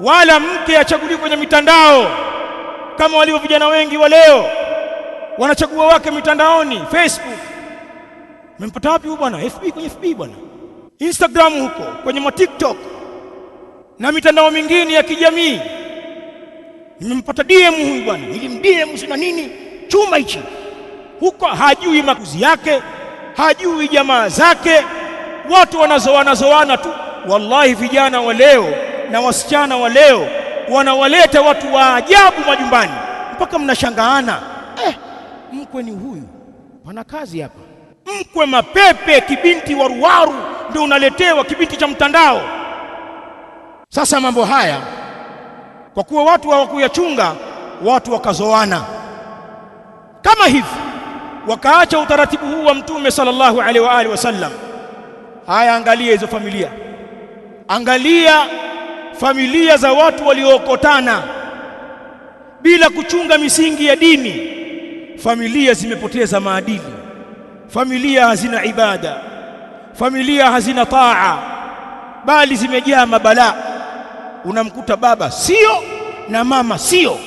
wala mke achaguliwe kwenye mitandao kama walivyo vijana wengi wa leo wanachagua wake mitandaoni, Facebook. Mmempata wapi huyu bwana? FB, kwenye FB bwana, Instagram huko kwenye ma TikTok na mitandao mingine ya kijamii. Nimempata DM huyu bwana, nilimdm sina nini, chuma hichi huko, hajui makuzi yake, hajui jamaa zake, watu wanazoana zoana tu. Wallahi vijana wa leo na wasichana wa leo wanawaleta watu wa ajabu majumbani, mpaka mnashangaana eh, mkwe ni huyu, pana kazi hapa. Mkwe mapepe, kibinti waruwaru ndio unaletewa, kibinti cha mtandao. Sasa mambo haya kwa kuwa watu hawakuyachunga, watu wakazoana kama hivi, wakaacha utaratibu huu wa Mtume sallallahu alaihi wa alihi wasallam. Haya, angalia hizo familia, angalia familia za watu waliookotana bila kuchunga misingi ya dini, familia zimepoteza maadili, familia hazina ibada, familia hazina taa, bali zimejaa mabalaa. Unamkuta baba sio na mama sio